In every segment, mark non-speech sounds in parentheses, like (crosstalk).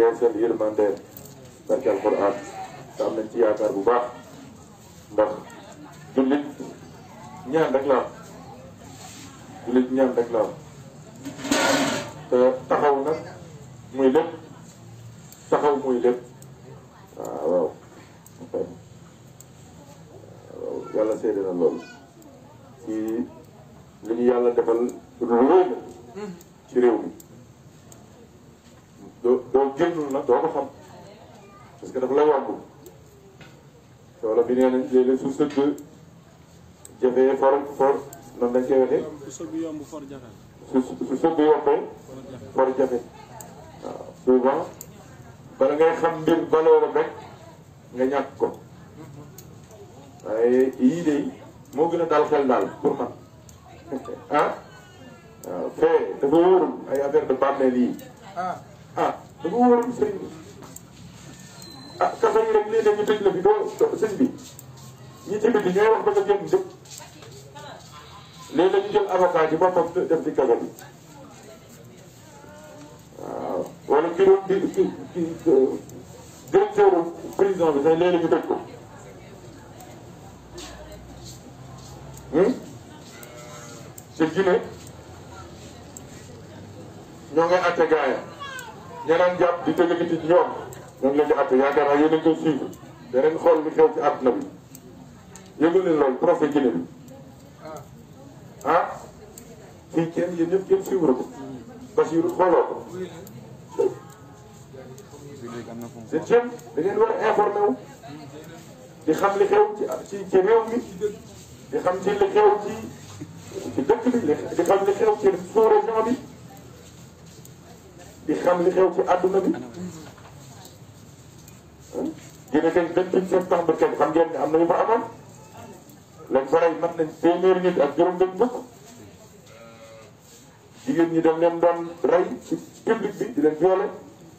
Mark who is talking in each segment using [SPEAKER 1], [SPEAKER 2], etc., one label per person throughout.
[SPEAKER 1] yeesal yërmandeem barke alquran te am nañ ci yaakaar bu baax ndax jullit ñaan rek la am jullit ñaan rek la am dëgg jëfee for for noonu ko waaye yii de moo daal xel daal pour man (laughs) ah waaw fee dafa wóorul ay affaire de bàmmeel yii ah. Ah, dafa wóorul sëñ bi ah, ñu tëkkati ñooy wax dëgg jëm dëkk léegi dañu jël avocat ci boppam def ci kaso bi waaw wala ki doon di ki ki directeur prison bi sax léegi ñu tëj ko. te hmm? Guinée ñoo ngay àtte gaaya ña daan jàpp di tëkkati ñoom ñoo ngi leen di àtte yaakaar naa yéen a ngi koy suivre danañ àdduna bi. yëngal leen loolu trophée Guinée bi ah fii kenn yéen ñëpp kenn suivre ko Basiru xooloo ko c'est ceeb da ngeen war a informé wu di xam li xew ci ci réew mi di xam ci li xew ci ci dëkk bi di xam li xew ci sous-région bi di xam li xew ci àdduna bi Guinée kañ depuis septembre kenn xam ngeen ne am na ñu fa amoon lañ fa rey mat nañ téeméeri nit ak juróom-benn fukk jigéen ñi dañ leen doon rey ci public bi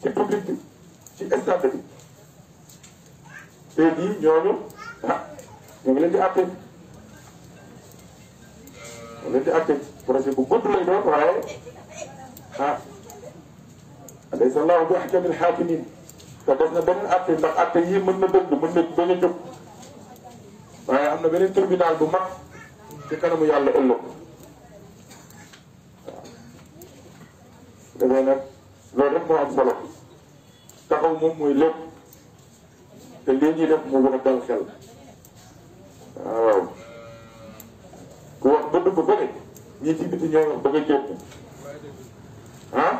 [SPEAKER 1] ci public bi ci stade bi ñooñu ah ñu ngi leen di àtte ñu leen di àtte projet bu gudd lay doon waaye ah alaysa allahu bi ahkamil hakimin te def na beneen àtte ndax àtte yii mën na dëgg mën na bañ a jóg waaye am na beneen tribunal bu mag ci kanamu yàlla ëllëg waaw dafay nag loolu rek moo am solo taxaw moom mooy lépp te lii ñuy def mu gën a dal xel waaw ku wax ba dugg ba ne ñii ci biti ñoo ba nga génn ah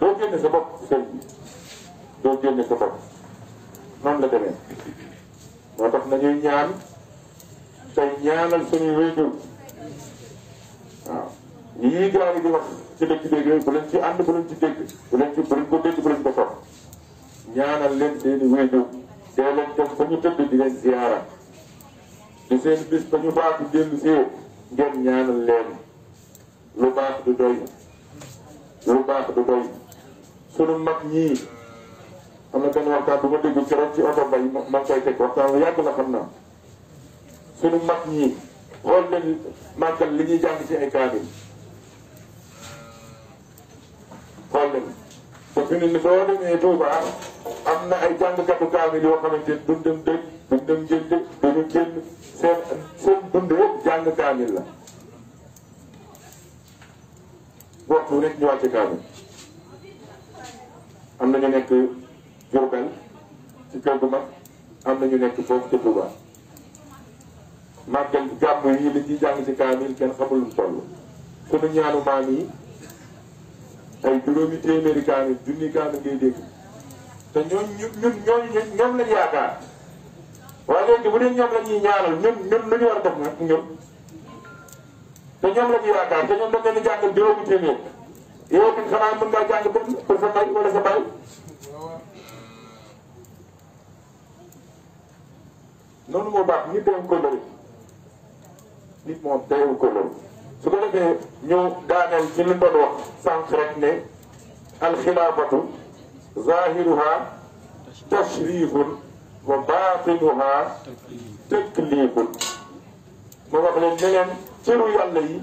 [SPEAKER 1] doo génne sa bopp sëñ bi sa bopp noonu la demee moo tax nañuy ñaan tey ñaanal suñuy wéyjur waaw yii gars yi wax ci dëkk dégg yooyu bu leen ci ànd bu leen ci dégg bu leen ci bu leen ko bu leen ko ñaanal leen seeni wéyjur dee leen dem ba ñu tëdd di leen ziyaara di seen bis ba ñu faatu dellu si ngeen ñaanal leen lu baax du doy lu baax du doy sunu mag ñii am na benn waxtaan bu ma dégg keroog ci oto mbay ma ma koy teg waxtaan bu yàgg la xam naa sunu mag ñi xool leen màggal li ñuy jàng ci ay kaamil xool leen te fi ni dëkk duñ jënd duñu génn seen seen jàng kaamil la waxtu rek ñu wàcc kaamil am na ñu nekk Diourbel ci kër gu mag am na ñu nekk foofu ca Touba màggal gàmm yi li ci jàng ci kaamil kenn xamul lu toll sunu ñaanu maam yi ay juróomi téeméeri kaamil junni kaamil ngay dégg te ñooñu ñun ñooñu ñoom lañ yaakaar waaye léegi bu dee ñoom la ñuy ñaanal ñun ñun lu ñu war a def nag ñun te ñoom la ñuy yaakaar te ñoom dañ leen di jàngal juróomi téeméer yow it xanaa mën ngaa jàng pour sa mbay wala sa bay noonu moo baax nit teewul ko nit moom teewul ko su ko defee ñu daaneel ci li wax sànq rek ne alxilaafatu zahiruha tashrifun wa baatinuha tëkliifun ma ne leen cëru yàlla yi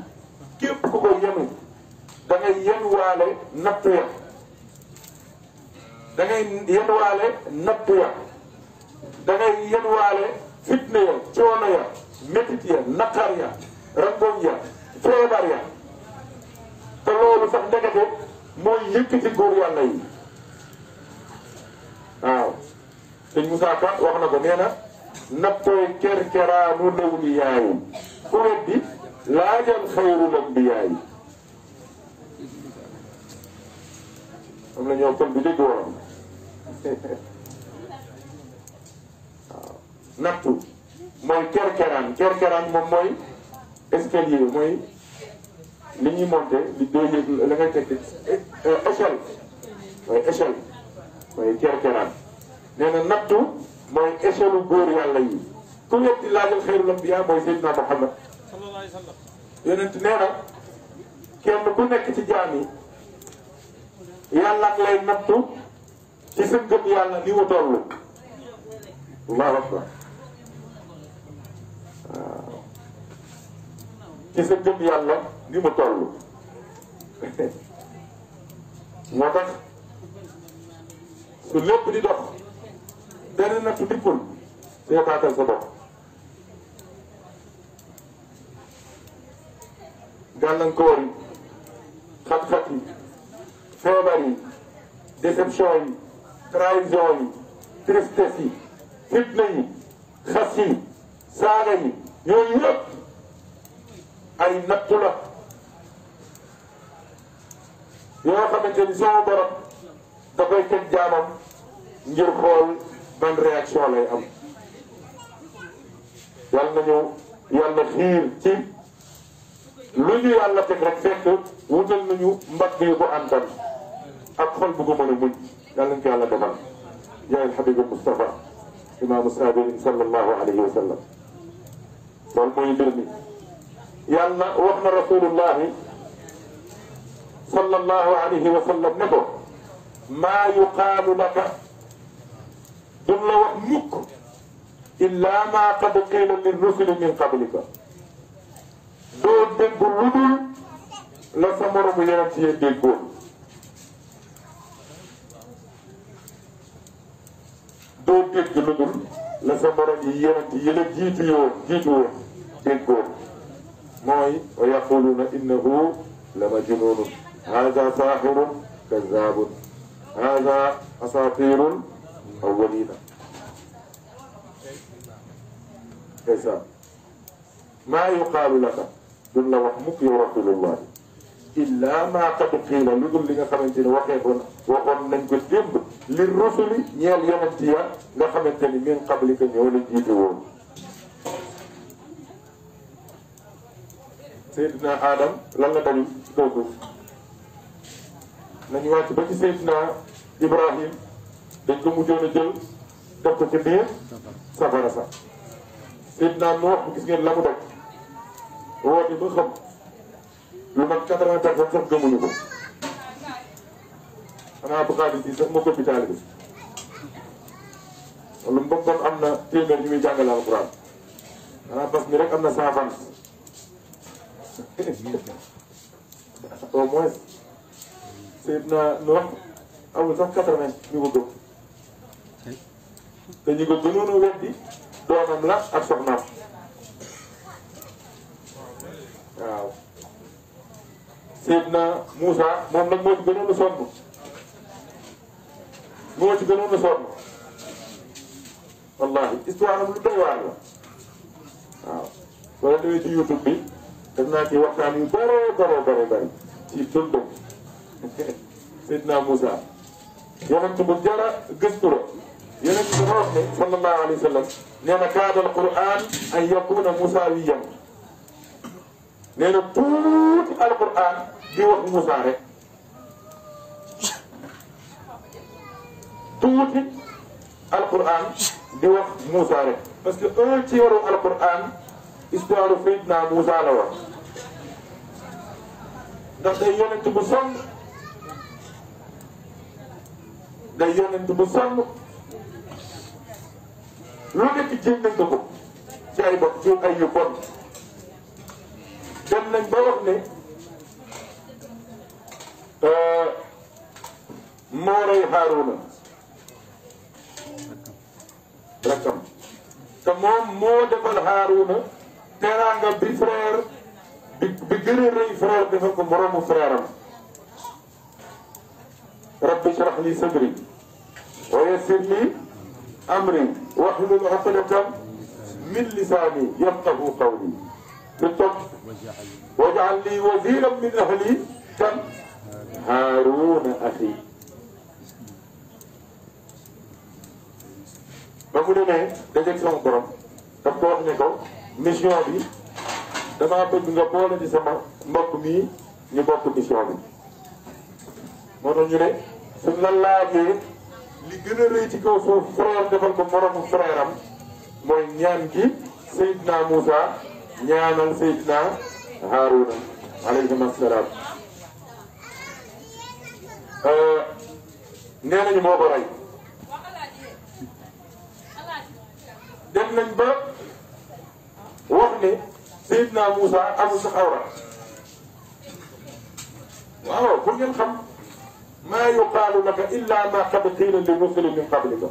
[SPEAKER 1] képp ku ko yenu da ngay yenuwaale natt ya da ngay yenuwaale natt ya da yenuwaale fitna ya coono ya métit ya naqar ya rangoñ ya feebar ya te loolu sax ndekete mooy yëkkati góor yàlla yi waaw sëñ Moussa wax na ko nee na nattooy kerkeraanu lawli yaayi ku weddi laajal xayrul anbiyaa yi am na ñoo kon bi dégg woon (laughs) nattu mooy kerkeraan kerkeraan moom mooy escalier mooy li ñuy monté li doo la ngay teg euh, échelle mooy échelle mooy kerkeraan nee nattu mooy échelle góor yàlla yi ku wetti laajal xayrul ambiya mooy Seydina Muhammad yonent nee kenn ku nekk ci jaam yi yàlla ak lay nattu ci sa yàlla ni mu toll allahu akbar ci sa jëm yàlla ni mu toll moo tax su lépp di dox benn nattu dikkul seetaatal sa bopp gàllankoor yi xat-xat yi feebar yi déception yi trahison yi tristesse yi fitna yi xas yi saaga yi yooyu yëpp ay nattu la yoo xamante ni sama borom da koy teg jaamam ngir xool ban réaction lay am yal nañu yàlla xiir ci lu ñu yàlla teg rek fekk wutal nañu mbagg yu ko àndal ak xol bu ko mën a muñ yàlla nañu ko yàlla defal yaay alxabibu Mustafa imaamu saabirin sallallahu alayhi wa sallam loolu mooy mbir mi yàlla wax na rasulullahi sallallahu alayhi wa sallam ne ko maa yuqaalu laka duñ la wax mukk illa maa qad qiila lir rusuli min qablika doo dégg lu dul la sa moromu yonent yi déggoon doo dégg lu dul la sa morom yi yonent yi la jiitu yoon jiitu woon déggoon معي ويقولون إنه لمجنون هذا ساحر كذاب هذا أساطير أولين حساب ما يقال لك دل وحمك ورسول الله إلا ما قد قيل لذل لك من جن وقعنا وقمنا للرسل نيال يوم التيا لك من قبلك نيول الجيدون sayyidina Adam lan la dal kaw suuf nañu wàcc ba ci sayyidina Ibrahim dañ ko mujjoon a jël def ko ci biir safara sa Seydina Nuux gis ngeen lamu mu def woote ba xam lu mag quatre-vingts personnes sax gëmuñu ko ana bu xadi ci sax ma ko bi lu mbokkoon amna na ñu alquran ana bas ni rek amna na au moins Seydina Noox amul sax quatre-vingts ñu ko gëm te ñu ko gënoon a weddi doomam la ak soxnaam waaw Seydina Moussa moom nag moo ci gënoon a sonn moo ci gënoon a sonn wallahi histoire am lu doy waar la waaw wala demee ci YouTube bi def naa ci waxtaan yu bëree bëree bëri bëri ci tundum Seydina Moussa yonent bu jara gëstu la yonent bi wax ne sallallahu alayhi wa sallam nee na kaada al quran an yakuna musawiyan nee na tuuti al quran di wax Moussa rek tuuti al quran di wax Moussa rek parce que un ci waru al quran histoire Seydina Moussa la wax ndax day yonent bu sonn day yonent bu sonn lu nekk jéem nañ ci ay bopp ci ay yu bon dem nañ ba wax ne euh, moo rey Haaruna rakkam te moom moo defal Haaruna teraanga bi frère bi bi gën a rëy frère defal ko moromu frère am rabbi shrah li sadri wa yassir li amri wahlul uqdatan min lisaani yafqahu qawli lu topp waj'al li waziran min ahli kan haaruna axi ba mu demee dajeeg sama borom daf ko wax ne ko mission bi damaa bëgg nga boole ci sama mbokk mii ñu bokk mission bi. moo tax ñu ne suñ la laajee li gën a rëy ci kaw suuf defal ko moromu frère am mooy ñaan gi Seydina Moussa ñaanal Seydina Haaruna alayhim assalaam euh, nee nañu moo def nañ ba. wax ne Seydina Moussa amul sax awra waaw bu ngeen xam maa yuqaalu laka illa ma qad qiila li rusulin min qablika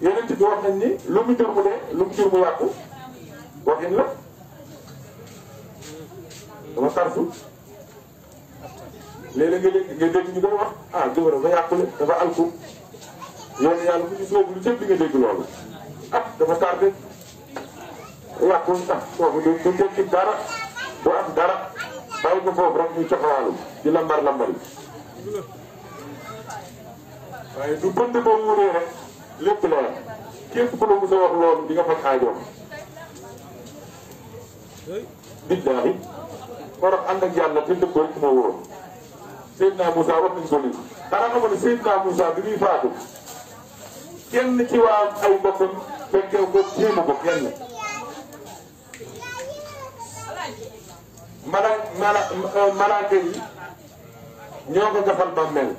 [SPEAKER 1] yeneen bi wax nañ ni lu mu jur mu dee lu mu jur mu yàqu waxin la dama sarfu léeg-léeg nga dégg ñu doon wax ah jëwër dafa yàqule dafa alku yoon yàlla bu ñu soobu lu jëpp li nga dégg loolu ah dafa tardé yàqul sax foofu du du tekki dara du am dara bàyyi ko foofu rek ñu coxawaalu di lambar lambar yi. waaye du bënd ba wóoree rek lépp leer képp ku la mos a wax loolu di nga faj aajoom. billaahi ànd ak yàlla te dëppoo ci ma wóor Seydina Moussa wax nañ ko nii dara nga ma ne Seydina Moussa bi muy faatu kenn ci waa ay boppam fekkee ko jéem ko kenn. mala mala euh, malaaka yi ñoo ko gafal bàmmeel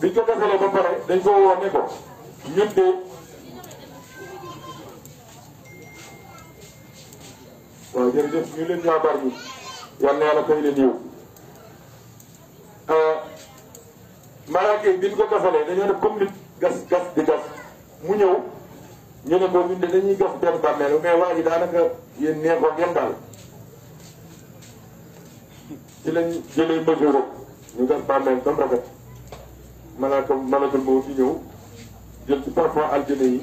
[SPEAKER 1] biñ ko gafalee ba pare dañ ko woo ne ñun de waaw jërëjëf ñu leen waa bar ñi yal na yàlla leen yow euh, malaaka yi biñ ko gafalee dañoo def comme gas gas di gas mu ñëw ñu ne ko ñun de dañuy gas benn bàmmeel mais waa ji daanaka yéen neexoo ngeen daal ci lañ jëlee mesure ñu gas bàmmeel ba mu rafet malaaka malakul mawt di ñëw jël ci parfois aljana yi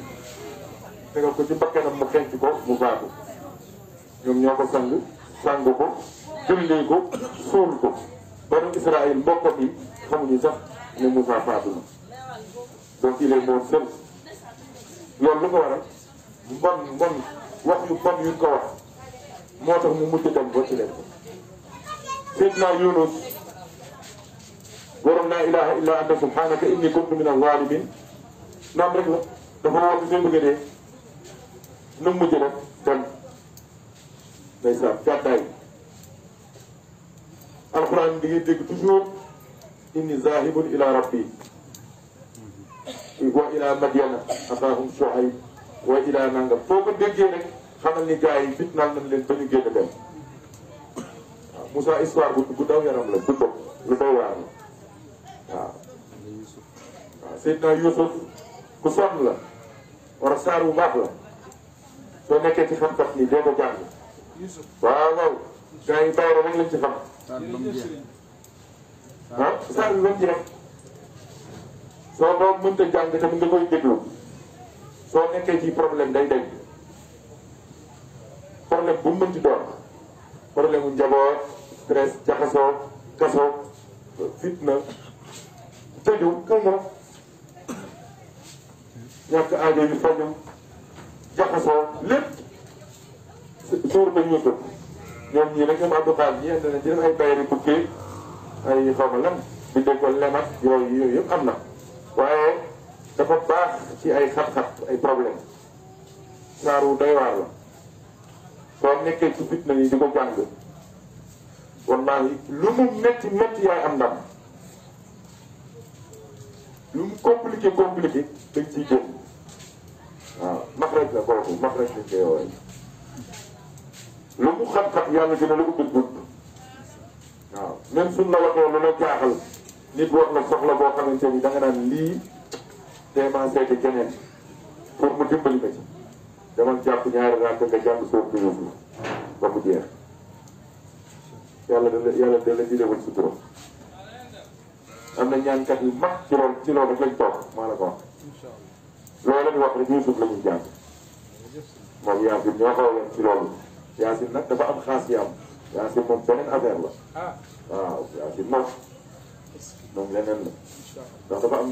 [SPEAKER 1] tegal ko ci bakkanam mu xenc ko mu faatu ñoom ñoo ko sang sang ko jullee ko suul ko banu Israël mbokkam yi xamuñu sax ne Moussa faatu na donc il est mort loolu lu ko waral mbon mbon wax yu bon yu ko wax moo tax mu mujj dem ba ci leen Seydina Yunus borom laa ilaha illa anta subhanaka inni kuntu min alwalimin naam rek la dafa wax bi seen bëgg dee nu mujj rek dem ndeysaan gàddaay alquran di ngay dégg toujours inni zahibun ila rabbi wa ilaa Madyana axaahum Shuayb wa ilaa nangam foo ko déggee rek xamal ni gars yi fitnaal nañ leen ba ñu génn dem waaw Moussa histoire bu daw yaram la bu bopp lu doy waar la waaw. waaw Seydina Youssouf ku sonn la wala saar bu baax la soo nekkee ci xam-xam nii doo ko jàng waaw waaw gars yi bàyyi rek lañ ci xam. ah saar bi ba jeex. soo doon mënta jàng tamit nga koy déglu soo nekkee ci problème day dégg problème bu mu mënti doon problème mu njaboot stress jaxasoo kasoo fitna tëju këngoo ñàkk aajo yu faju jaxasoo lépp suur ba ñu dëkk ñoom ñii nag ñoom Abdou Fall ñi ànd na ci ay bayri bukkee ay xaw ma lan di déggoon lemat yooyu yooyu yëpp am na waaye dafa baax ci ay xat-xat ay problème saaru doy waar la soo nekkee ci fitna yi di ko jàng wallaahi lu mu métti métti yaay am ndam lu mu compliqué compliqué dañ ciy jëm waaw maxraj la kooku maxraj lañ koy woowee lu mu xam-xam yàlla dina la ubbil bunt waaw même suñ la waxee lu la jaaxal nit wax la soxla boo xamante ni da nga naan lii tey maa seeti keneen pour mu dimbali ma ci dama jàpp ñaari ràkk nga jàng sóor bi yóbbu ba mu jeex yàlla da la yàlla da la jëlewul sutura am na ñaankat yu mag ci loolu ci loolu rek lañ toog maa la ko wax loolu rek Yuusuf la ñuy jàng moom Yaasin ñoo xaw leen ci loolu Yaasin nag dafa am xaas yaam Yaasin moom beneen affaire la ah. waaw Yaasin moom moom leneen la dafa am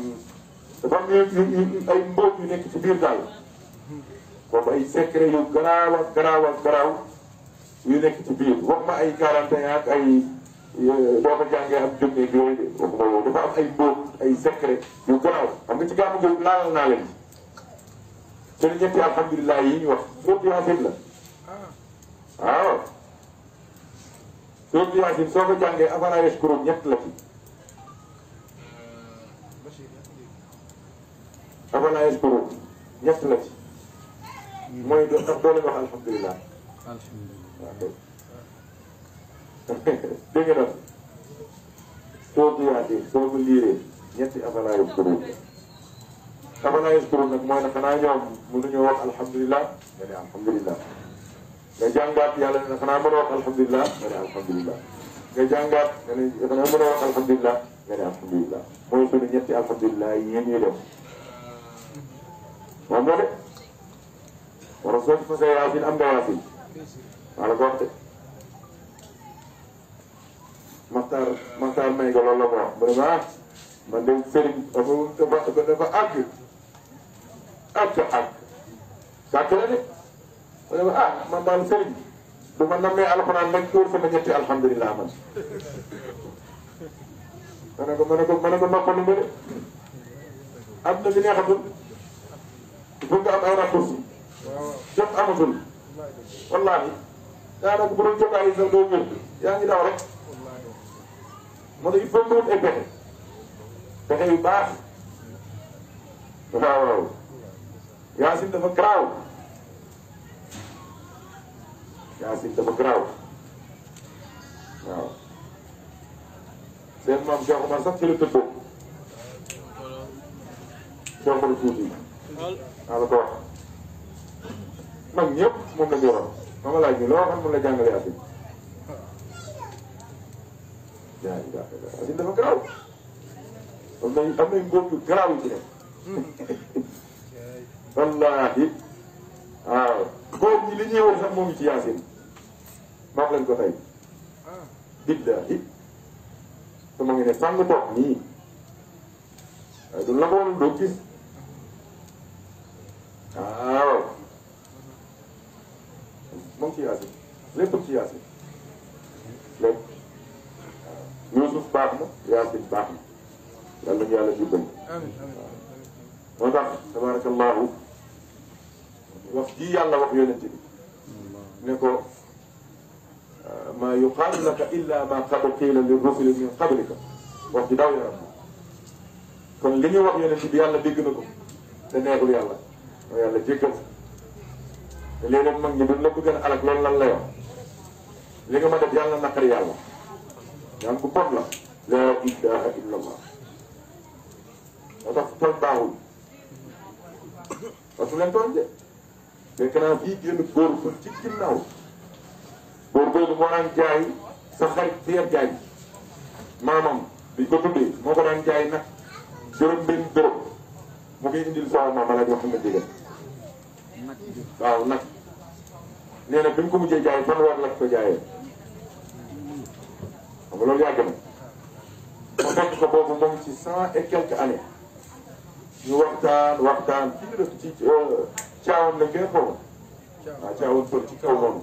[SPEAKER 1] dafa am ñu ay mbóot yu nekk ci biir daal boobu ay secret yu garaaw ak garaaw ak garaaw yu nekk ci biir wax ma ay 41 ak ay euh, boo ko jàngee ak yooyu de waxuma yu garaaw ci gàmmu googu laalal naa te ñetti alhamdulilah yi ñu wax mbóot yaasin la waaw ah. ah. soo ko jàngee avanage kuréel ñett la ci. dafa naa yaskuru ñett la ci mooy do ndax doo leen wax alhamdulilah waaw dégg nga nag soo ko yaatee soo ko liiree ñetti afalaa yaskuru afalaa yaskuru nag mooy ne xanaa ñoom mënuñoo wax alhamdulilah nga ne alhamdulilah nga jàngaat yàlla ne xanaa mën a wax alhamdulilah nga ne alhamdulilah nga jàngaat nga ne xanaa mën a wax alhamdulilah nga ne alhamdulilah mooy suñu ñetti alhamdulilah yi ngeen ñuy def ومن ورسول سيئات الأموات على قوة مختار مختار ما يقول الله ما برما من دين سرين أبو تبا تبا أك أك أك ساتلني برما أك من دين سرين بمن نمي على قرآن من كور فمن يتي الحمد لله من أنا كم أنا كم أنا كم ما كنت أبدا بني أخذ il faut nga am ay raccourcis jot amatul wallaahi daanaka bu doon jotaay yi sax doo wér yaa ngi daw rek moo tax il faut nga wut ay pexe pexe baax dafa waaw yaasin dafa garaaw yaasin dafa garaaw waaw seen maam Cheikh Omar sax ci la tëddoo Cheikh Omar Fouti maa la ko moom la ñu ma ma laaj ñu loo xam mun la jàngalee adduna yaa ngi jàppale adduna dafa garaaw am nañ am nañ góob yu garaaw yu ci nekk (laughs) li ñuy wax sax moo ngi ci yaasin maa lañ ko tey billaahi ma ngi ne fànn bopp nii waaye la ko woon waaw moom ci yaasin lépp ci yaasin lépp waaw Yuusuf baax na yaasin baax na yàlla ñu yàlla dimbali waaw moo tax tabarakallahu wax ji yàlla wax yonent bi ne ko maa yuqaalu laka illa ma qad qiila li rusuli min qablika wax ji daw yaram kon li ñu wax yonent bi yàlla dégg na ko te neexul yàlla ma yàlla jéggal te léegi nag mag ñi bu la bëggoon lan la li nga ma def yàlla naqari yàlla yàlla ku bon la laa ilaha illa allah moo tax tooñ baaxul parce (coughs) que leen tooñ de fekk naa fii génn góor bu ci ginnaaw góor boobu moo daan jaay sa xarit Pierre Diagne maamam bi ko tuddee moo ko daan jaay nag juróom benn dërëm mu ngi indil sama maama nag Mouhamed Ndieguene waaw nag nee bi mu ko mujjee jaayee ban war la ko jaayee xam nga loolu yàgg na mu fekk ko boobu moom ci cent et quelques années ñu waxtaan waxtaan ci nga def ci caawoon euh, lañ koy xaw
[SPEAKER 2] waaw
[SPEAKER 1] caawoon pël ci kaw noonu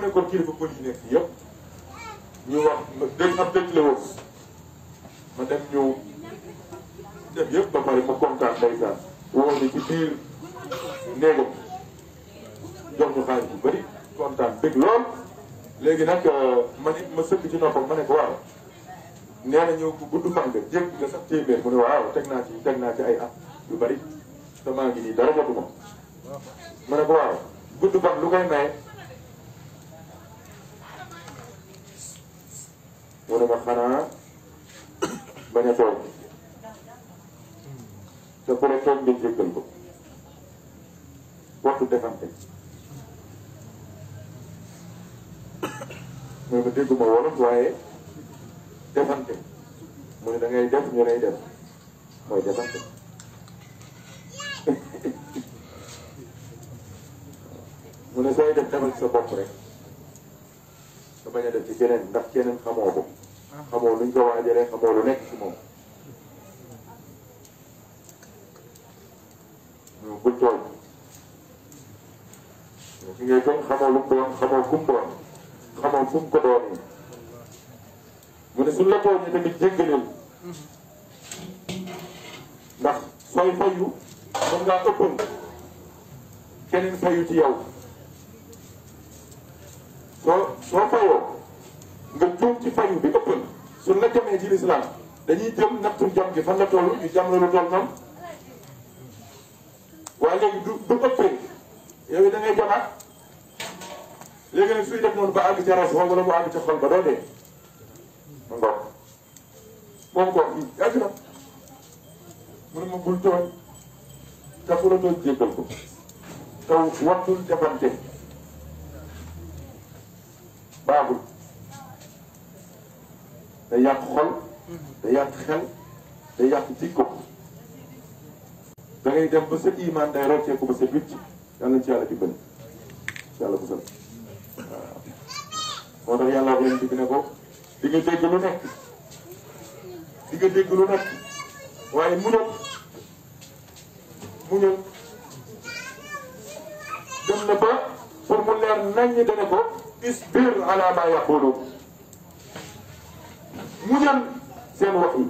[SPEAKER 1] nekk yëpp ñu wax dëgg ab dëgg la woon ma dem ñëw def yëpp ba pare mu kontaan ndeysaan woo ñu ci biir néegam jox ñu xaalis bu bëri kontaan dëgg lool léegi nag euh, ma nit ma sëkk ci noppam ma ne ko waaw nee na ñëw bu gudd fan nga jékki nga sax téeméer mu ne waaw teg naa ci teg naa ci ay at yu bëri te maa ngi nii dara jotuma ma ne ko waaw gudd fan lu koy maye mu ne ma xanaa (coughs) te ku la tooñ ngeen jéggal ko waxtu defante mooy ma dégguma wolof waaye defante mooy da ngay def ñu lay def mooy defante (laughs) mu ne sooy def defal sa bopp rek sa bañ a def ci keneen ndax keneen xamoo ko ah. xamoo luñ ko waajalee xamoo lu nekk ci moom buñ tooñ ki ngay tooñ xamoo lu mu doon xamoo kum xamoo kum mu ne su la tooñee tamit jéggaleel ndax sooy fayu mën ngaa ëppal keneen fayu ci yaw soo soo fayoo nga juum ci fayu bi ëppal suñ la jëmee ci lislaam dañuy jëm nattu jam gi fan la toll ñu jam la lu toll noonu waaye léegi du du ëppee yow da ngay jamaat léegi nag suy def noonu ba àgg ca ras xol ba doo dee mu ngoog moom ngoog bi yàgg na mu ne ma bul tooñ te bu la te wattul defante baaxul day yàq xol mm-hmm. day yàq xel day yàq jikko da ngay dem ba sa iman day rocceeku ba sa wicc yàlla ci yàlla dimbali ci yàlla musal waaw ne ko di nga dégg lu nekk di nga dégg lu nekk waaye muñal muñal dem na ba pour mu leer nañ ñi dana ko isbir ala ma yaqulu seen wax yi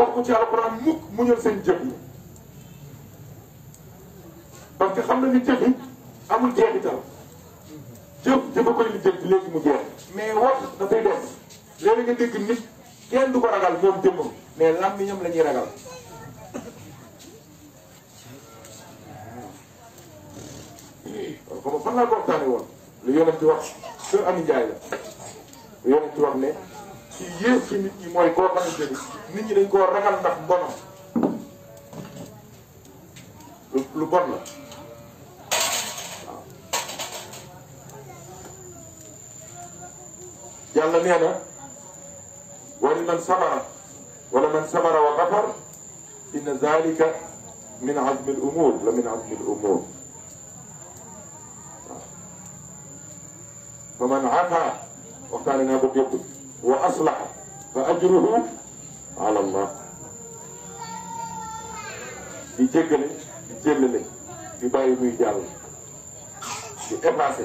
[SPEAKER 1] wax ko ci alxuraan mukk mu ñëw seen jëf yi parce que xam na ni jëf yi amul jeexital jëf jëfa koy li léegi mu jeex mais wax dafay des léegi nga dégg nit kenn du ko ragal moom jëmmam mais làmmiñam la ñuy ragal fan laa ko waxtaanee woon lu yonent wax sër Ami Njaay la lu yonent wax ne ci yéen ci nit ñi mooy koo xamante ni nit ñi dañ koo ragal ndax bonam lu bon la waaw yàlla nee na wali man sabara wala man sabara wa xafar inna zalika min azmi al umur la min azmi al umur waaw fa man afa waxtaane naa ko dépp wa aslaha fa ajruhu ala allah di jéggale di jéllale di bàyyi muy jàll di effacé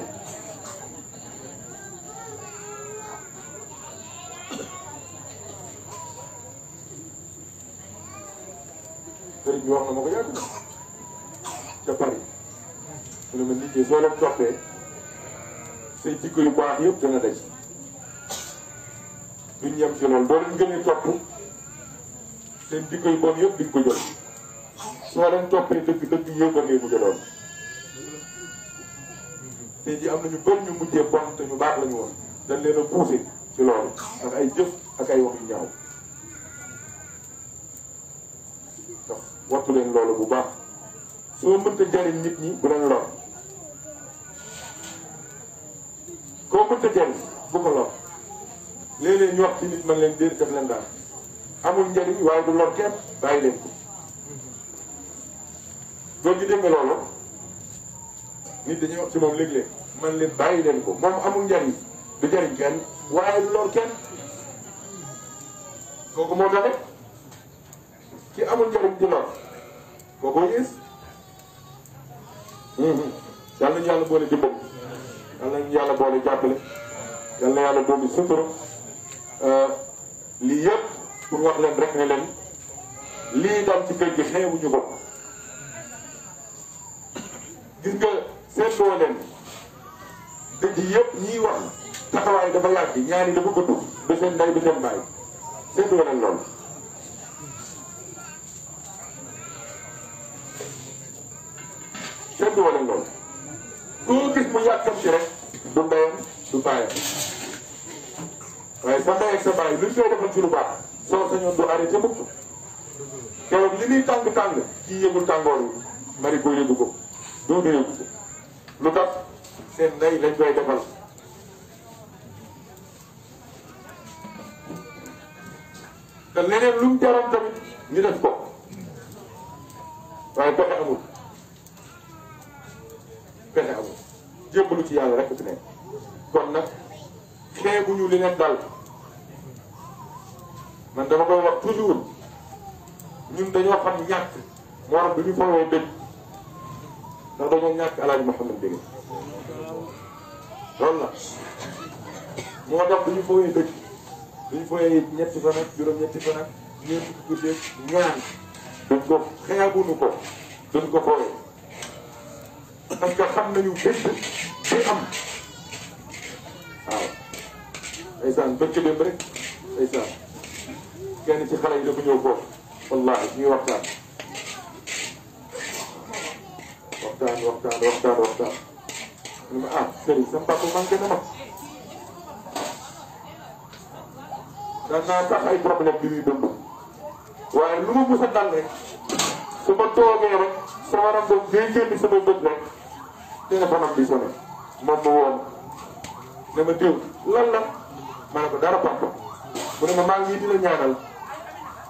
[SPEAKER 1] sëriñ bi wax na ma ko yàgg ca Paris mu ne ma nit ñi soo leen yu baax yëpp dana daj duñ yem si loolu boo leen gënee topp seen jikko yu bon yëpp duñ ko jël soo leen toppee dëgg dëgg yéeg a ngay mujj doon tey jii am na ñu bëri ñu mujjee bon te ñu baax lañu ñu woon dañ leen a poussé ci loolu ak ay jëf ak ay wax yu ñaaw ndax wattu leen loolu bu baax soo mënta jariñ nit ñi bu leen lor koo mënta jariñ bu ko lor léeg-léeg ñu wax ci nit man leen déer def leen daal amul njariñ waaye du lor kenn bàyyi leen ko doon gi dégg nga loolu leen bàyyi leen ko moom amul njëriñ du jëriñ kenn waaye du lor kenn kooku moo tax ki amul njëriñ du lor kooku gis yàlla nañu yàlla boole dimbali yàlla nañu yàlla boole jàppale yàlla na yàlla boole sutura Euh, lii yëpp pour wax leen rek ne leen lii dam ci kër gi xeebuñu ko gis nga seetloo leen dëgg yëpp ñiy wax taxawaay dafa yàgg ñaari dafa gudd ba seen ndey ba seen bàyyi seetloo leen loolu seetloo leen loolu gis mu ci rek du du bàyyam waaye sa ndey ak sa bàyyi luñ koy defal ci lu baax soo sañoon du arrêté mukk keroog li muy tàng tàng kii yëgul tàngoor wi mari ko yëgu ko doodu yëgu ko lu tax seen ndey lañ koy defal te leneen lu mu tamit ñu def ko waaye pexe amul pexe amul jébbalu ci yàlla rek fi ne kon nag xeebuñu li dal man dama koy wax toujours ñun dañoo xam ñàkk moo tax du ñu foowee dëj ndax dañoo ñàkk alaaj Mouhamed Ndieguene loolu la moo tax du ñu foowee dëj du ñu ñetti fan ak ñetti fan ak ñeent fukki ñaan duñ ko xeebuñu ko duñ ko foowee parce xam nañu dëj bi am waaw ndeysaan bëcc dem rek ndeysaan kenn ci xale yi ñëw foofu wallahi ñuy waxtaan waxtaan waxtaan waxtaan waxtaan mu ma ah sëriñ sa mbàkk man gën a mag daan naa tax ay problème bi muy dund waaye lu ma mës a dal su ma toogee rek sama rek bi ne ma diw lan la ma ne ko dara mu ne ma maa ngi ñaanal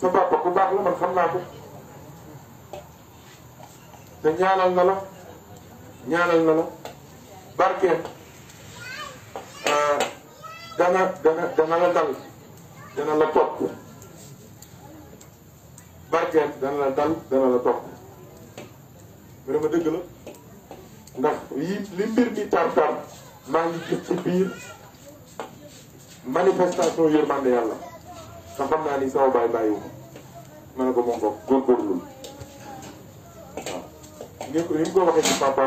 [SPEAKER 1] sa papa ku baax la man xam naa ko te ñaanal na la ñaanal na la barkeem ah, dana dana dana la dal dana la topp barkeem dana la dal dana la topp vraiment dëgg la ndax lii li mbir mi tar tar maa ngi gis ci biir manifestation yërmande yàlla te xam naa ni sama baay bàyyiwuma ma ne ko moom boog góorgóorlu ni ko ni mu ko waxee ci papa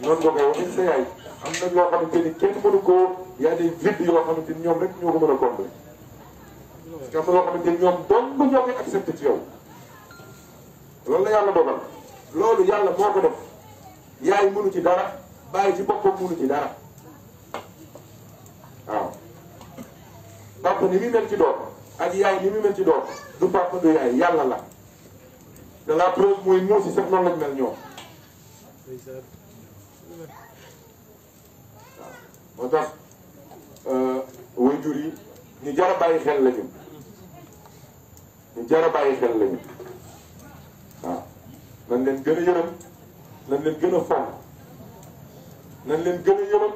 [SPEAKER 1] noonu nga koy waxee sa yaay am na loo xamante ni kenn mënu koo yaa des vides yoo xamante ni ñoom rek ñoo ko mën a combler parce que am na loo xamante ni ñoom dong ñoo koy accepté ci yow loolu la yàlla dogal loolu yàlla moo ko def yay mënu ci dara bàyyi ci boppam mënu ci dara waaw papa ni muy mel ci doom. ak yaay li mu mel ci doom du papa du yaay yàlla la de la preuve mooy muusi sax noonu lañ mel ñoom moo tax euh, waajur yi ñu jar a bàyyi xel lañu ñu jar bàyyi xel lañu waaw nañ leen gën a yërëm nañ leen gën a fonk nañ leen gën a yërëm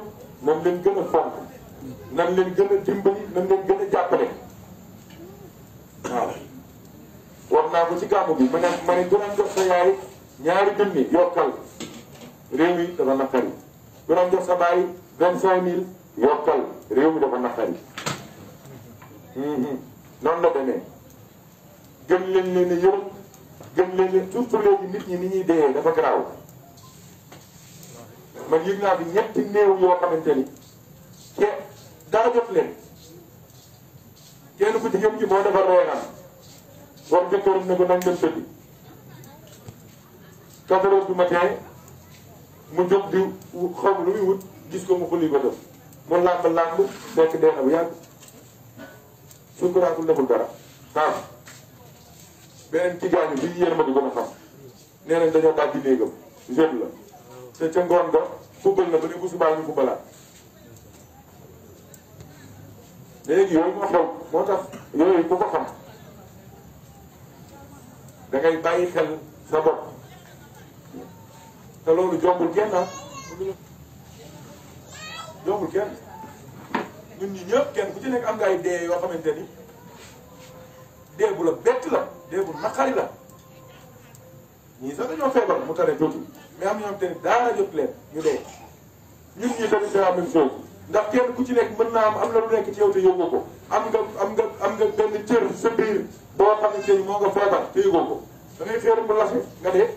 [SPEAKER 1] nañ leen gën a fonk nañ leen gën a dimbali nañ leen gën a jàppale waaw wax naa ko ci gàmmu bi ma ne ma ne gën a sa yaay ñaari junni yokkal réew yi dafa naqari gën a jox sa baay vingt cinq mille yokkal réew mi dafa naqari mhm. noonu la demee gëm leen leen ni yërëm gëm leen leen surtout léegi nit ñi ni ñuy dee dafa garaaw man yëg naa fi ñetti néew yoo xamante ni te dara jot leen kenn ku ci jëm moo defar reeram wax jëkkëram ne dem tëddi quatre heures du matin mu jóg di xaw lu muy wut gis ko mu xulli bëtam mu làmb làmb fekk dee na bu yàgg sukkuraatul deful dara naam beneen ci gaañu bi yéen di gën a xam nee dañoo daj ci néegam njëb la te ca ngoon ba fubal na ba ne bu subaa ñu fubalaat léegi yooyu moo xew moo tax yooyu ku ko xam da ngay bàyyi xel sa bopp te loolu jombul kenn ah jombul kenn ñun ñi ñëpp kenn ku ci nekk am nga ay dee yoo xamante ni dee bu la bett la dee bu naqari la ñii sax dañoo feebar mu tare tuuti mais am ñoom tamit daara jot leen ñu dee ñun ñii tamit c'est la même ndax kenn ku ci nekk mën naa am am na lu nekk ci yow te ko am nga am nga am nga benn cër sa biir boo xamante ni moo nga feebar te ko da ngay xëy rek nga dee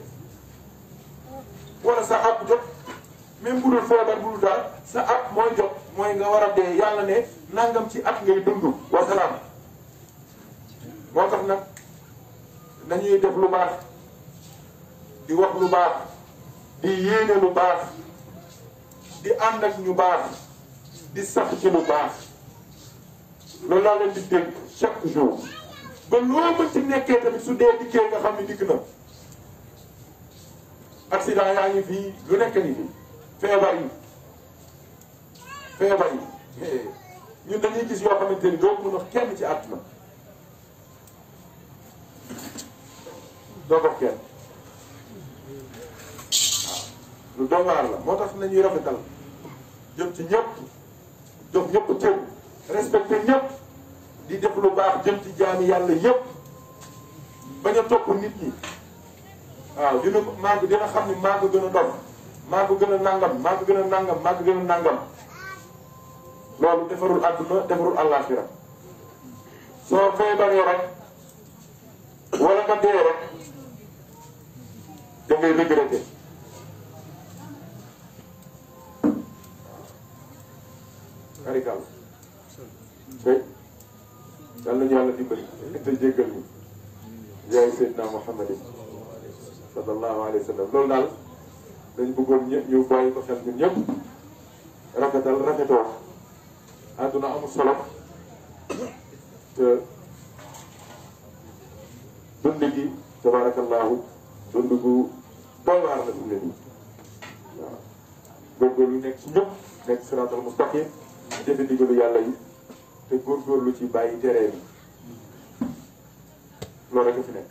[SPEAKER 1] wala sa ab jot même bu dul feebar bu dul daal sa àpp mooy jot mooy nga war a dee yàlla ne nàngam ci at ngay dund wasalaam moo tax nag nañuy def lu baax di wax lu baax di yéene lu baax di ànd ak ñu baax di sax ci lu baax loolu laa leen di dénk chaque jour ba loo ma ci nekkee tamit su dee dikkee nga xam ne dikk na accident yaa ngi fii lu nekk ni feebar yi feebar yi ñun dañuy gis yoo xamante ni doo mën kenn ci àdduna doo ko kenn waaw lu domaar la moo tax nañuy rafetal jëm ci ñëpp jox ñëpp cëw respecté ñëpp di def lu baax jëm ci yàlla yëpp bañ a topp nit ñi waaw dina maa ngi dina xam ne maa ngi gën a dof maa ngi gën a nangam maa ngi gën a nàngam maa ngi gën a nangam loolu defarul àdduna defarul àllaaxira soo feebaree rek wala nga dee rek da ngay xaritaam boobu dal nañu yàlla dimbali te jéggal ñu yaay Seydina Muhammadin sallallahu alayhi wa sallam loolu dañ bëggoon ñëpp ñu bàyyi ko xel ñun ñëpp rafetal rafetoo àdduna amul solo te dund gi dund gu la dund gi nekk ci nekk mustaqim jëfe ndigalu yàlla yi te lu ci bàyyi teree bi loolu rek a fi nekk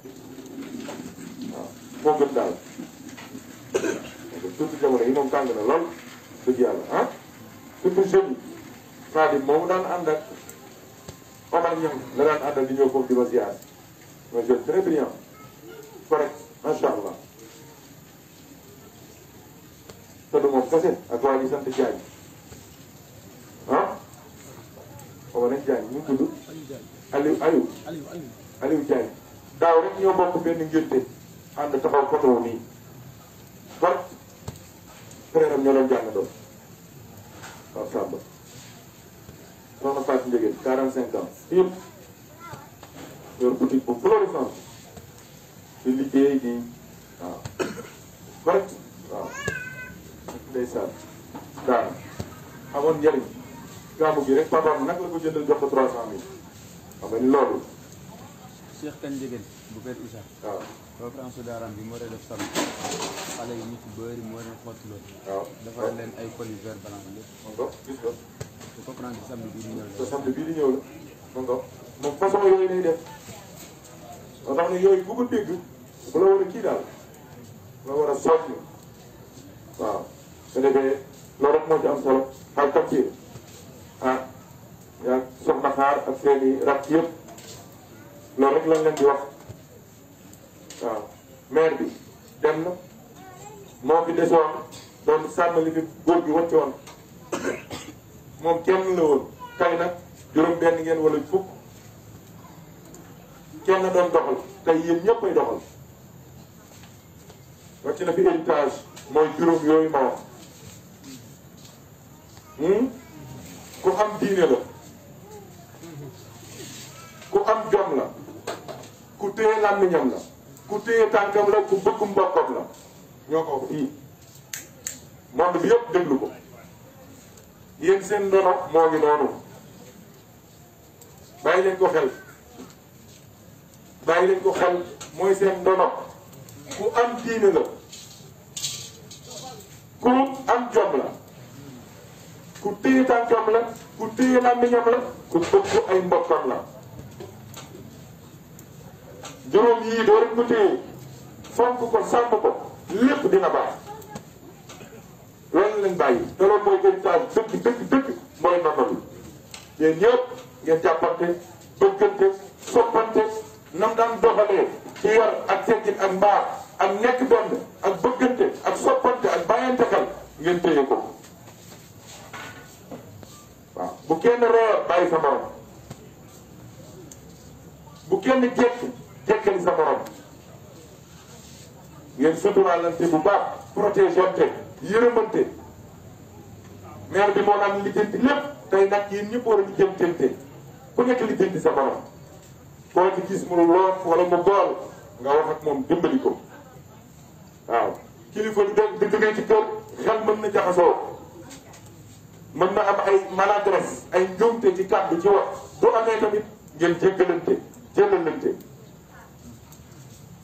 [SPEAKER 1] waaw gën daal surtout jamono yi moom tàng na lool dëgg yàlla ah surtout jeune Fadi moomu daan ànd ak Omar ñoom la daan àndal di ñëw foofu di ma ziar un jeune très brillant correct macha allah te moom kese ak waa ñu sant Diagne xaw ma nag Diagne ñu ngi tudd Aliou Aliou Aliou Diagne daaw rek ñoo bokk benn ngénte ànd taxaw photo nii kon frère am ñoo doon jàng doon waaw Samba soxna Fatou Ndiéguène 45 ans yëpp yor boutique bu florissante di liggéey di waaw correct waaw ndeysaan daara amoon njëriñ Kamu gi rek papaam nag la ko jëndal jox ko 300000 xam nga ni Cheikh Kane Ndiéguène bu Kër Issa. waaw conférence daaraam bi moo doon def sànq xale yi ci bëri moo doon xottiloo. waaw dafa leen ay colis vert blanc lépp. gis nga. te conférence bi samedi ñëw la. te samedi ñëw la façon lay def. tax bu ko dégg bu la la ci am solo tafsir ah yaa soxna xaar ak seeni i rakk yëpp loolu rek lañ leen di wax waaw maire bi dem na moo fi desoon doon sàmm li fi góor gi wàcce woon moom kenn la woon tey nag juróom benn ngeen wala fukk kenn doon doxal te yéen ñëpp ay doxal wàcc na fi héritage mooy juróom yooyu ma wax hmm? ku am diine la ku am jom la ku téye làmmiñam la ku téye tànkam la ku bëgg mbokkam la ñoo ko fii monde bi yëpp déglu ko yéen seen ndono moo ngi noonu bàyyi leen ko xel bàyyi leen ko xel mooy seen ndono ku am diine la ku am jom la ku téye tànkam la ku téye làmmiñam la ku bëgg ay mbokkam la juróom yii doo rek mu téye fonk ko sàmm ko lépp dina baax loolu lañ bàyyi te loolu mooy gën taal dëgg dëgg dëgg mooy nonal yéen ñëpp ngeen jàppante bëggante soppante nam daan doxalee ci yar ak teggin ak mbaax ak nekk benn ak bëggante ak soppante ak bàyyante xel ngeen téye ko bu kenn reer bàyyi sa morom bu kenn jekk jekkali sa morom ngeen suturaalante bu baax protégeante yërëmante maire bi moo naan lijjanti lépp tey nag yéen ñëpp war a lijjantante ku nekk lijjanti sa morom koo ci gis mu loof wala mu bool nga wax ak moom dimbali ko waaw kilifa du dëggee ci kër xel mën na jaxasoo mën na am ay maladresse ay njuumte ci kàddu ci wax bu amee tamit ngeen jéggalante jéggalante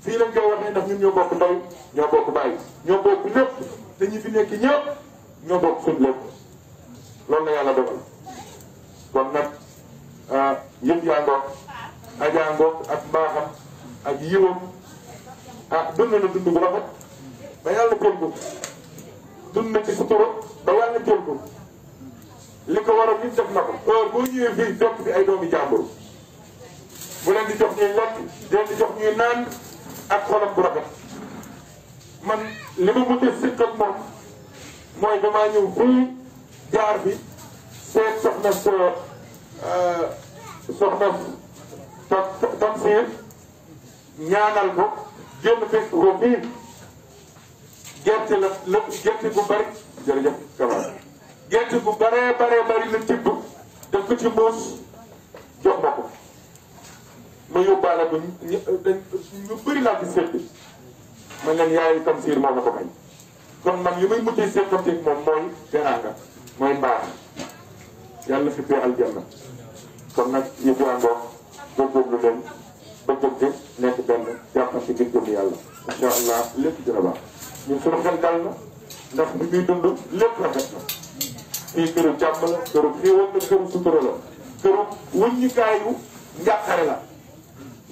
[SPEAKER 1] fii lañ koy waxee ndax ñun ñoo bokk ndoy ñoo bokk bàyyi ñoo bokk lépp te ñi nekk ñëpp ñoo bokk suñ lépp loolu la yàlla dogal kon nag ah, yëpp yaa ngoog ak mbaaxam ak yiwam ah dund na dund bu rafet ba yàlla jël ko dund na ci sutura ba yàlla jël li ko waroon nit def na ko. heure boo ñëwee fii topp bi ay doomi jàmbur bu leen di jox ñuy lekk di leen di jox ñuy naan ak xolam bu rafet man li ma mujj sikk ak moom mooy damaa ñëw fii jaar bi seet soxna so euh, soxna Tamsir ñaanal ko jënd fekk ko fii gerte la lépp gerte bu bari jërëjëf kabaar. gerte gu bare bare bari la tibb def ko ci mbuus jox ma ko ma yóbbaale ko ñu ñu bëri laa ci seet ma leen yaayu Tamsir moom la ko may kon man li may mujjee seetanteeg moom mooy teraanga mooy mbaax yàlla fi bee aljanna kon nag yëpp waa ngoog góorgóorlu leen bëggante nekk benn jàppante ngir jëm yàlla incha allah lépp dina baax ñun suñu xel dal na ndax li muy dund lépp rafet na fii këru jàmm la këru xéewal la këru sutura la këru wëññikaayu njàqare la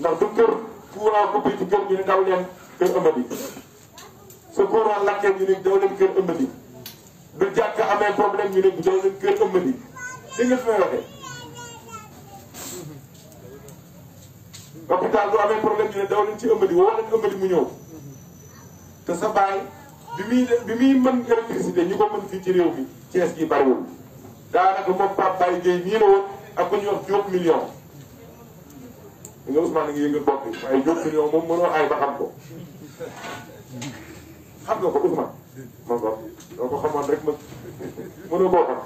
[SPEAKER 1] ndax du kër courant bu ci kër ñu ne daw leen kër ëmbadi su courant lakkee ñu ne daw leen kër ëmbadi du jàkk amee problème ñu ne daw leen kër ëmbadi li nga fi may waxee hôpital amee problème ñu ne daw leen ci ëmbadi woo leen ëmbadi mu ñëw te sa baay bi muy bi muy mën électricité ñu ko mën fii ci réew mi ces gi bariwul daanaka moom Pape Baye Gueye nii la woon ak ku ñuy wax Diop million nga Ousmane a ngi yëngal bopp bi waaye Diop million moom mënoo aay ba xam ko xam nga ko Ousmane man ko doo ko xamoon ma mënoo boo xam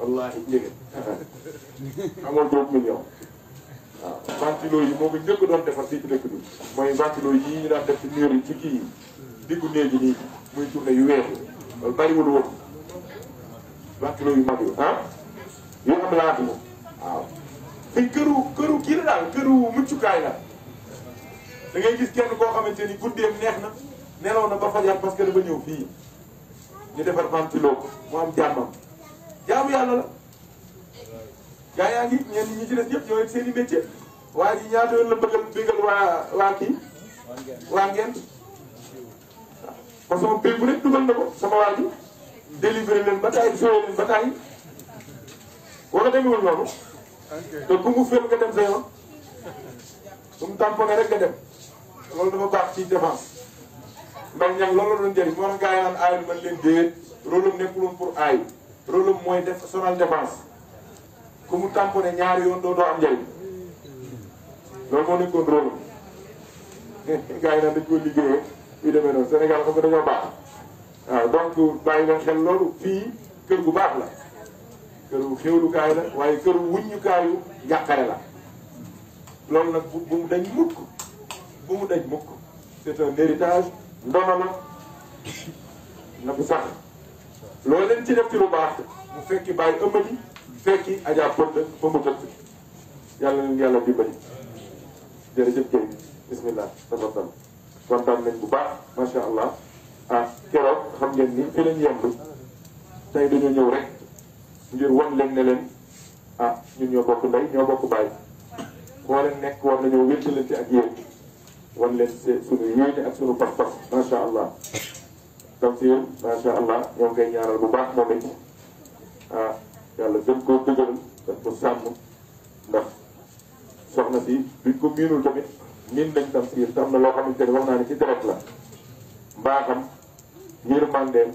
[SPEAKER 1] wallaahi njëgeen amoon Diop million waaw lool yi moo ko njëkk doon defar fii ci dëkk bi lool i yi ñu daan def ci mur yi ci kii yi diggu néegi nii muy tourné yu weexu vingt kilos yu mag yu ah yu am laatu waaw te këru këru kii la daal këru muccukaay la da ngay gis kenn koo xamante ni guddeem neex na nelaw na ba fajar parce que dafa ñëw fii ñu defar ventiloo ko mu am jàmmam jaamu yàlla la gaa yaa ngi ñenn ñi ci des ñëpp ñoo seen i métier waa ji ñaata yoon la bëggal bëggal waa waa kii waa ngeen façon béy bu nekk dugal na ko sama waa kan, ji délivré leen ba taay féewee leen ba taay wala demewul noonu te ku mu féem nga dem sa yoon su mu tamponné rek nga dem loolu ci défense mbay ñaŋ loolu la doon jëriñ moo tax gars yi naan aayul man leen déet mooy def sonal défense ku mu tamponné ñaari yoon doo doo am njëriñ loolu moo nekkoon rôlam (laughs) gars yi naan dañ ko yu demee noonu Sénégal xam nga dañoo baax waaw donc bàyyi leen xel loolu fii kër bu baax la kër gu xéwlukaay la waaye kër gu wuññukaayu njàqare la loolu nag bu mu dañ mukk bu mu dañ mukk c'est un héritage ndono la na sax loolu leen ci def ci lu baax mu fekki bàyyi ëmbali fekki ajaa pëdd ba mu dëkk yàlla leen yàlla dimbali jërëjëf jëy bismillah tafaddal kontaan nañ bu baax masha allah ah keroog xam ngeen ni fi leen yemb tey dañoo ñëw rek ngir wan leen ne leen ah ñun ñoo bokk ndey ñoo bokk bàyyi boo leen nekk war nañoo wéttalante ak yéen wan leen seen sunu yéene ak sunu pas-pas macha allah tam si yéen macha allah ñoo ngay ñaanal bu baax moom it ah yàlla gën koo dëgëral gën ko sàmm ndax soxna si duñ ko miinul tamit miin nañ tam si yéen tam na loo xamante ne wax naa ne ci deret la mbaaxam yërmandeem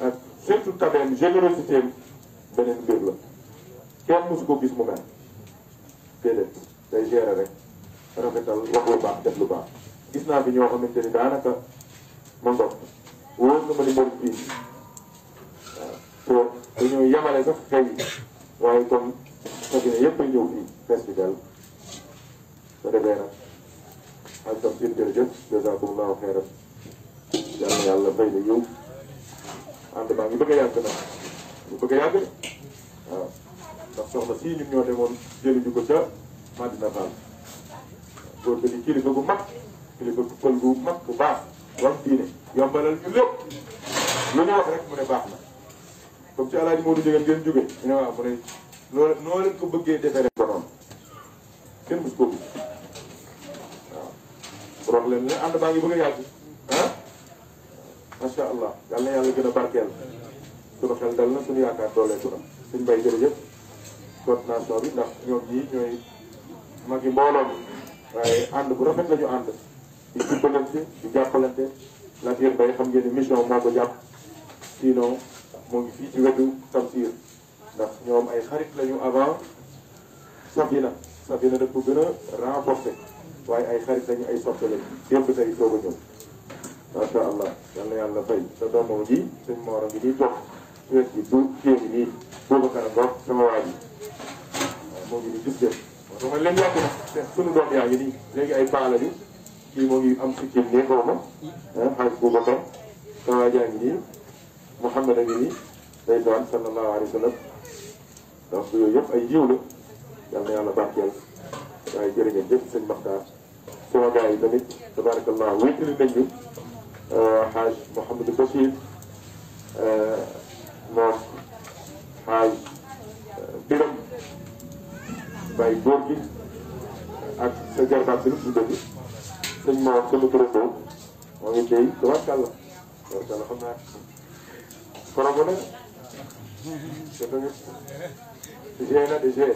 [SPEAKER 1] ak surtout tabeem générosité am beneen mbir la kenn mosu ko gis mu mel déedéet day gérer rek rafetal wax lu baax def lu baax gis naa bi ñoo xamante ni daanaka ma ngoog wóor na ma ni moom fii waaw te dañoo yemale sax xew yi waaye comme cabine yëpp a ñëw fii festival sa defee nag ak tam seen jërëjëf jazakumullahu xeyran yàlla yàlla fay la yow en tout cas ñu apa? a yàgg nag ñu bëgg a yàgg waaw di kilifa bu mag kilifa bu pël bu mag rek mu ne baax na comme ci alaaji Modou Ndiéguène ngeen jóge ñu ne waaw mu ne loolu noo leen ko bëggee macha allah yal na yàlla gën a barkeel suñu xel dal na suñu yaakaar dooleeku na suñu mbay jërëjëf coordination bi ndax ñoom ñii ñooy magi mbooloo mi waaye ànd bu rafet la ñu ànd di dimbalante di xam ngeen mission moo jàpp sinon moo ngi fii ci wetu Tamsir ndax ñoom ay xarit lañu avant Safina Safina daf ko gën a renforcer waaye ay xarit lañu ay soppe lañu démb tey soog a ñëw macha allah yal na yàlla fay sa doomu ji suñ morom bi di jox wet gi bu ceeb bi nii Boubacar Ngom sama waa ji moo ngi di jub jëm waaw man léegi yàgg doom yaa ngi nii léegi ay paala bi kii moo ngi am sikkim ne xaw ma ah, xaaj Boubacar sama waa jaa ngi nii Mouhamed a ngi nii day doon sallallahu alayhi wa sallam donc yëpp ay jiw la yal na yàlla barkeel waaye jërëjëf jëf sëñ Maxtaar sama gars yi tamit tabarakallah wéetali nañ ñu xaaj Mouhamadou Bachir eh, moom xaaj eh, Biram bay góor gi ak sa jarbaat bi lu mu dëgg sëñ ma wax sama turandoo moo ngi day tabarkàlla tabarkàlla xam naa koromo na te tamit gée na de gée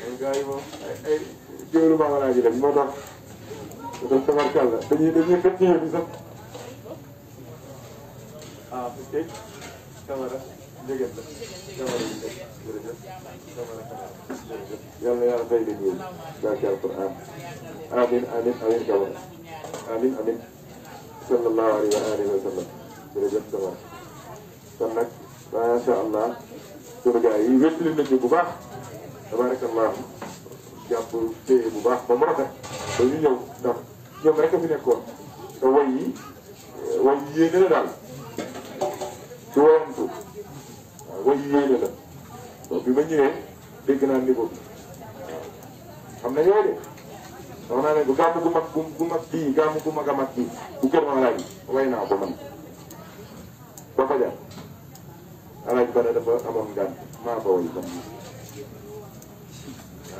[SPEAKER 1] moom gars yi moom ay ay jiwlu maa ngi laaj rek moo tax dafa tabarkàlla dañuy dañuy xëcc ñëw di na yàlla fay leen yéen amin amin amin sallallahu alayhi wa alihi wa sallam jërëjëf Camara kon allah sunu yi wétali nañu bu baax jàpp téye bu baax ba mu rafet ba ñu ñëw ndax ñoom rek a fi nekkoon te way yi way yi yéene la daal ci wayantu way yi yéene la donc bi ma ñëwee dégg naa niveau bi xam na yooyu de naa ne bu gàmm gu mag gu mag bii gàmm gu mag a mag bii bu kër laaj way naa ko man ba alaaj ba dafa amoon maa way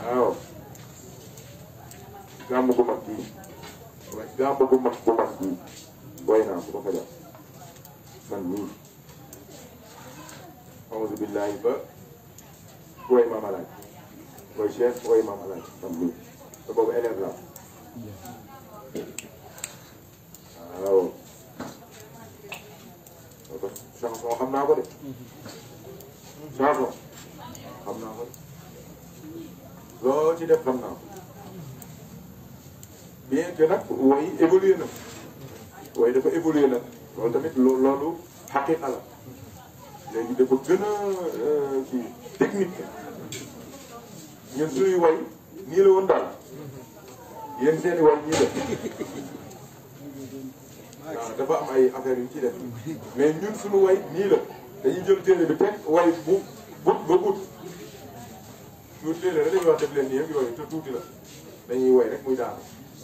[SPEAKER 1] waaw gamu go makki way gamu go makko makki way na ko fa def man ni a'udhu billahi ba way mama laaj way chef way mama laaj man ni to boobu élève la waaw chanson xam naa ko de chanson xam naa ko de loo ci def xam bien que nag way évolué na way dafa évolué na loolu tamit loolu xaqiqa la léegi dafa gën a kii technique ñun suñuy way nii la woon daal yéen seeni way nii la waaw dafa am ay affaire yu ci def mais ñun suñu way nii la dañuy jël téere bi teg way bu but ba but ñun téere rek dañuy wax def leen nii rek yooyu te tuuti la dañuy way rek muy daal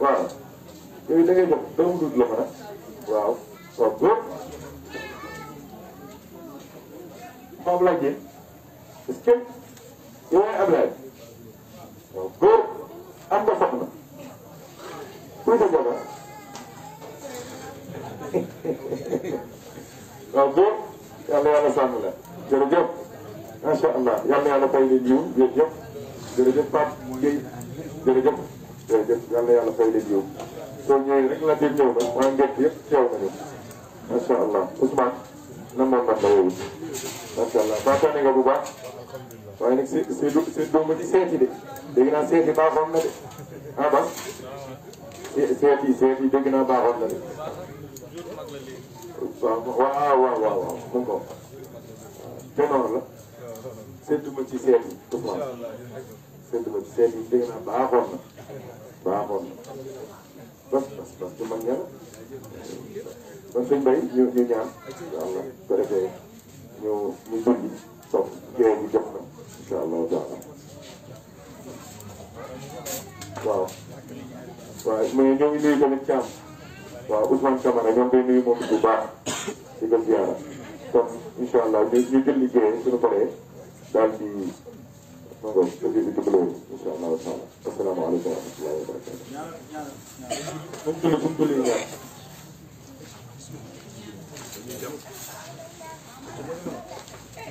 [SPEAKER 1] waaw yooyu da ngay jox doomu duut loxo nag waaw waaw góor Pape Lagne est-ce que yow ay Ablaye waaw góor am nga soxna kuy sa jabar waaw góor yàlla yàlla sàmm la jërëjëf macha allah yàlla yàlla fay la jiw jërëjëf Pape Gueye jërëjëf jërëjëf yàlla yàlla fay leen yow. ñëwee rek la dégg ñëw na waaye ngeen yëpp teew na ñëw macha allah Ousmane nan moo mën na yow macha allah baaxoon nga bu waaye nag si si doomu ci seeti de dégg naa seeti baaxoon na de ah ba seeti seeti dégg naa baaxoon na de waaw waaw waaw waaw mu ngoog la. séntu ma ci seet yi Ousmane séntu ma ci seet yi dégg naa baaxoon na baaxoon na bas bas bas du mag ñala kon sëñ Bay ñu ñu ñaan incha allah ko defee ñu ñu julli soog géew bi jox na incha allah taala waaw waaw mu ne ñoo ngi nuyu tamit Thiam waaw Ousmane Camara ñoo ngi koy nuyu moom bu baax di ko ziara kon incha allah ñu ñu jël liggéey suñu paree السلام علیکم و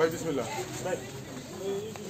[SPEAKER 1] رحمۃ اللہ